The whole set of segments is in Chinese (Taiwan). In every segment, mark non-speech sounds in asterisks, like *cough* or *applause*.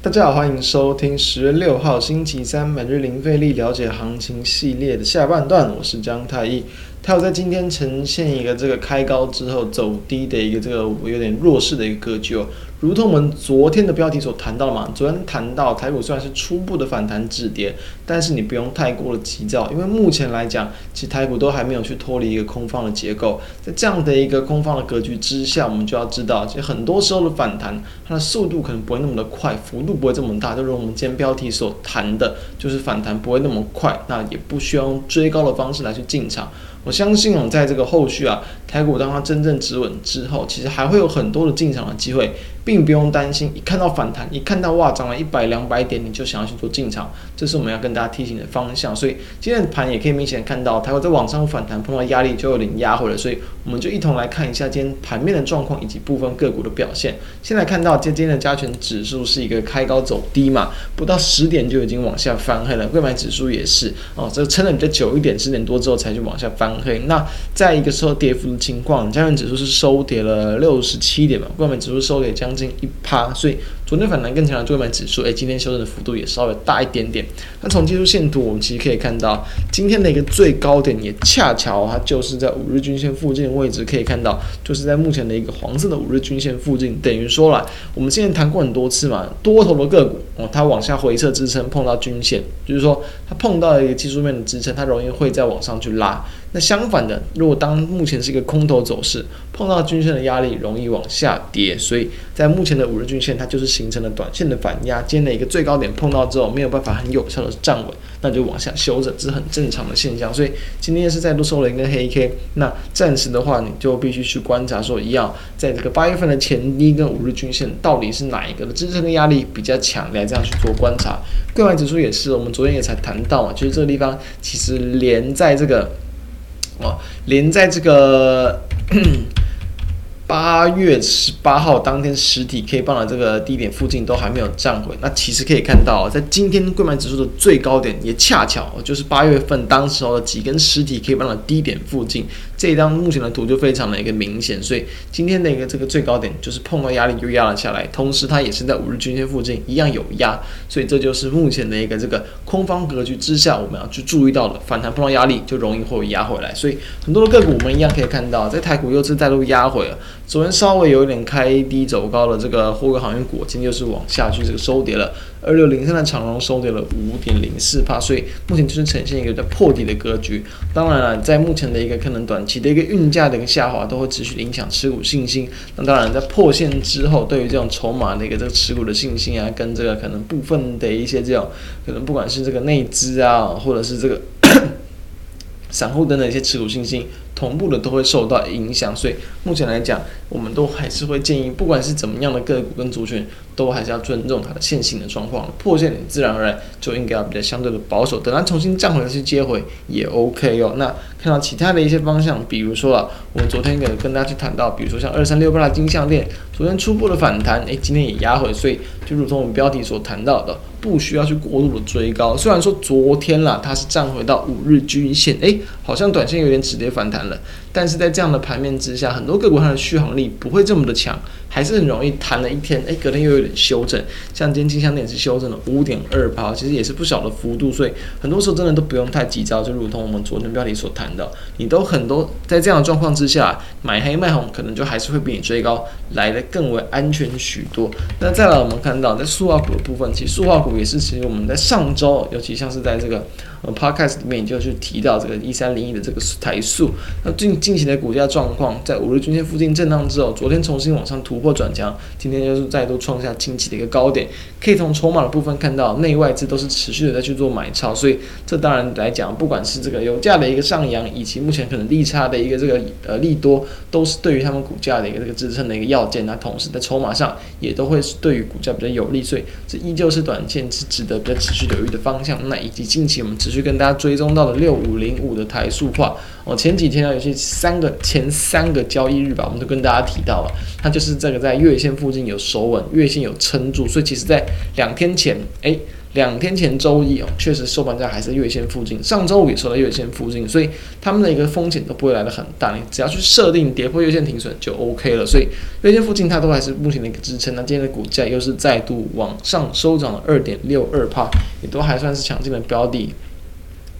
大家好，歡迎收聽十月六號星期三每日零費力了解行情系列的下半段，我是張太一。它有在今天呈現一個這個開高之後走低的一個這個有點弱勢的一個格局哦，如同我們昨天的標題所談到嘛，昨天談到台股雖然是初步的反彈止跌，但是你不用太過的急躁，因為目前來講，其實台股都還沒有去脫離一個空方的結構，在這樣的一個空方的格局之下，我們就要知道，其實很多時候的反彈，它的速度可能不會那麼的快，幅度不會這麼大，就如我們今天標題所談的，就是反彈不會那麼快，那也不需要用追高的方式來去進場。我相信啊，在這個後續啊。台股當它真正止穩之後，其實還會有很多的進場的機會，並不用擔心。一看到反彈，一看到哇漲了一百兩百點，你就想要去做進場，這是我們要跟大家提醒的方向。所以今天的盤也可以明顯看到，台股在往上反彈碰到壓力就有點壓回來。所以我們就一同來看一下今天盤面的狀況以及部分個股的表現。現在看到今天的加權指數是一個開高走低嘛，不到十點就已經往下翻黑了。櫃買指數也是哦，這撐了比較久一點，十點多之後才去往下翻黑。那再一個時候跌幅，情況，加權指數是收跌了六十七點嘛，櫃買指數收跌將近一趴，所以。昨天反彈更強的櫃買指數，哎、欸，今天修正的幅度也稍微大一點點。那從技術線圖，我們其實可以看到，今天的一個最高點也恰巧它就是在五日均線附近的位置，可以看到，就是在目前的一個黃色的五日均線附近。等於說了，我們之前談過很多次嘛，多頭的個股，哦，它往下回撤支撐碰到均線，就是說它碰到一個技術面的支撐，它容易會再往上去拉。那相反的，如果當目前是一個空頭走勢，碰到均線的壓力容易往下跌。所以在目前的五日均線，它就是。形成了短線的反壓，今天的一個最高點碰到之後，沒有辦法很有效的站穩，那就往下修正，這是很正常的現象。所以今天也是再度收了一個黑 K，那暫時的話，你就必須去觀察，說一樣在這個八月份的前低跟五日均線，到底是哪一個的支撐的壓力比較強，來這樣去做觀察。櫃買指數也是，我們昨天也才談到，就是這個地方其實連在這個，哦、啊，連在這個。八月十八號當天實體 K 棒的這個低點附近都還沒有站穩，那其實可以看到，在今天櫃買指數的最高點也恰巧就是八月份當時候的幾根實體 K 棒的低點附近，這一張目前的圖就非常的一個明顯，所以今天的一個這個最高點就是碰到壓力又壓了下來，同時它也是在五日均線附近一樣有壓，所以這就是目前的一個這個空方格局之下，我們要去注意到了反彈碰到壓力就容易會壓回來，所以很多的個股我們一樣可以看到，在台股又是再度壓回了，所以，稍微有一點開低走高了，這個貨櫃航運股今天就是往下去，這個收跌了。二六零三的長榮收跌了五點零四趴，所以目前就是呈現一個比較破底的格局。當然了、啊，在目前的一個可能短期的一個運價的一個下滑，都會持續影響持股信心。那當然，在破線之後，對於這種籌碼的一個這個持股的信心啊，跟這個可能部分的一些這種可能，不管是這個內資啊，或者是這個 *coughs* 散戶等的一些持股信心。同步的都會受到影響，所以目前來講，我們都還是會建議，不管是怎麼樣的個股跟族群，都還是要尊重它的線型的狀況，破線自然而然就應該要比較相對的保守，等它重新站回來去接回也 OK 哦。那。看到其他的一些方向，比如說啊，我們昨天有跟大家去談到，比如說像二三六八的金項鏈，昨天初步的反彈，哎，今天也壓回，所以就如同我們標題所談到的，不需要去過度的追高。雖然說昨天啦，它是站回到五日均線，哎，好像短線有點止跌反彈了，但是在這樣的盤面之下，很多個股它的續航力不會這麼的強，還是很容易彈了一天，哎，隔天又有點修正。像今天金項鏈是修正了五點二趴，其實也是不小的幅度，所以很多時候真的都不用太急躁，就如同我們昨天標題所談。你都很多在這樣的狀況之下，買黑賣紅可能就還是會比你追高來得更為安全許多。那再來，我們看到在塑化股的部分，其實塑化股也是其實我們在上周，尤其像是在這個。呃、嗯，podcast 裡面也就去提到這個一三零一的這個台塑，那近近期的股價狀況，在五日均線附近震盪之後，昨天重新往上突破轉強，今天就是再度創下近期的一個高點。可以從籌碼的部分看到，內外資都是持續的在去做買超，所以這當然來講，不管是這個油價的一個上揚，以及目前可能利差的一個這個呃利多，都是對於他們股價的一個這個支撐的一個要件，那同時在籌碼上也都會是對於股價比較有利，所以這依舊是短線是值得比較持續留意的方向。那以及近期我們。去跟大家追蹤到了六五零五的台塑化我、哦、前幾天呢、啊，有些三個前三個交易日吧，我們都跟大家提到了，它就是這個在月線附近有守穩，月線有撐住，所以其實，在兩天前，哎，兩天前周一哦，確實收盤價還是月線附近，上周五也收到月線附近，所以他們的一個風險都不會來得很大，你只要去設定跌破月線停損就 OK 了，所以月線附近它都還是目前的一個支撐。那今天的股價又是再度往上收漲了二點六二趴，也都還算是強勁的標的。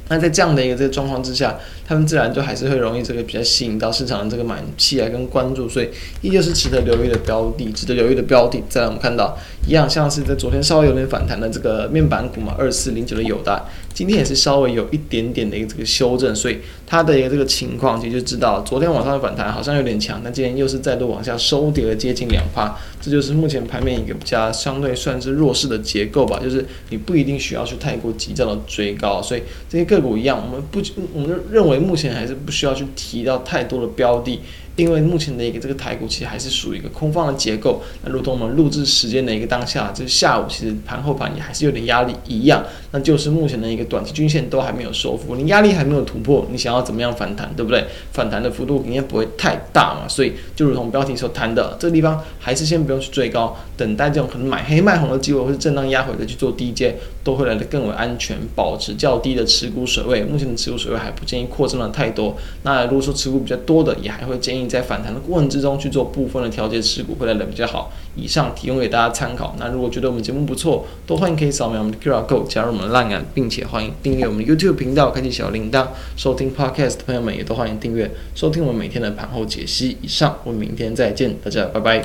那在這樣的一個這個狀況之下，他們自然就還是會容易這個比較吸引到市場的這個買氣啊跟關注，所以依舊是值得留意的標的，值得留意的標的。再來，我們看到。一樣，像是在昨天稍微有點反彈的這個面板股嘛，二四零九的友達，今天也是稍微有一點點的一個這個修正，所以它的一個這個情況，其實就知道昨天晚上的反彈好像有點強，那今天又是再度往下收跌了接近兩趴，這就是目前盤面一個比較相對算是弱勢的結構吧，就是你不一定需要去太過急躁的追高，所以這些個股一樣，我們不，我們認為目前還是不需要去提到太多的標的。因為目前的一個這個台股其實還是屬於一個空方的結構，那如同我們錄製時間的一個當下，就是下午其實盤後盤也還是有點壓力一樣，那就是目前的一個短期均線都還沒有收復，你壓力還沒有突破，你想要怎麼樣反彈，對不對？反彈的幅度應該不會太大嘛，所以就如同標題所談的，這個地方還是先不用去追高，等待這種可能買黑賣紅的機會或者震盪壓回再去做低接，都會來的更為安全，保持較低的持股水位。目前的持股水位還不建議擴增了太多，那如果說持股比較多的，也還會建議，在反彈的過程之中去做部分的調節持股會來的比較好。以上提供給大家參考。那如果覺得我們節目不錯，都歡迎可以掃描我們的 QR Code 加入我們的 LINE，並且歡迎訂閱我們 YouTube 頻道，開啟小鈴鐺，收聽 Podcast 的朋友們也都歡迎訂閱，收聽我們每天的盤後解析。以上，我們明天再見，大家拜拜。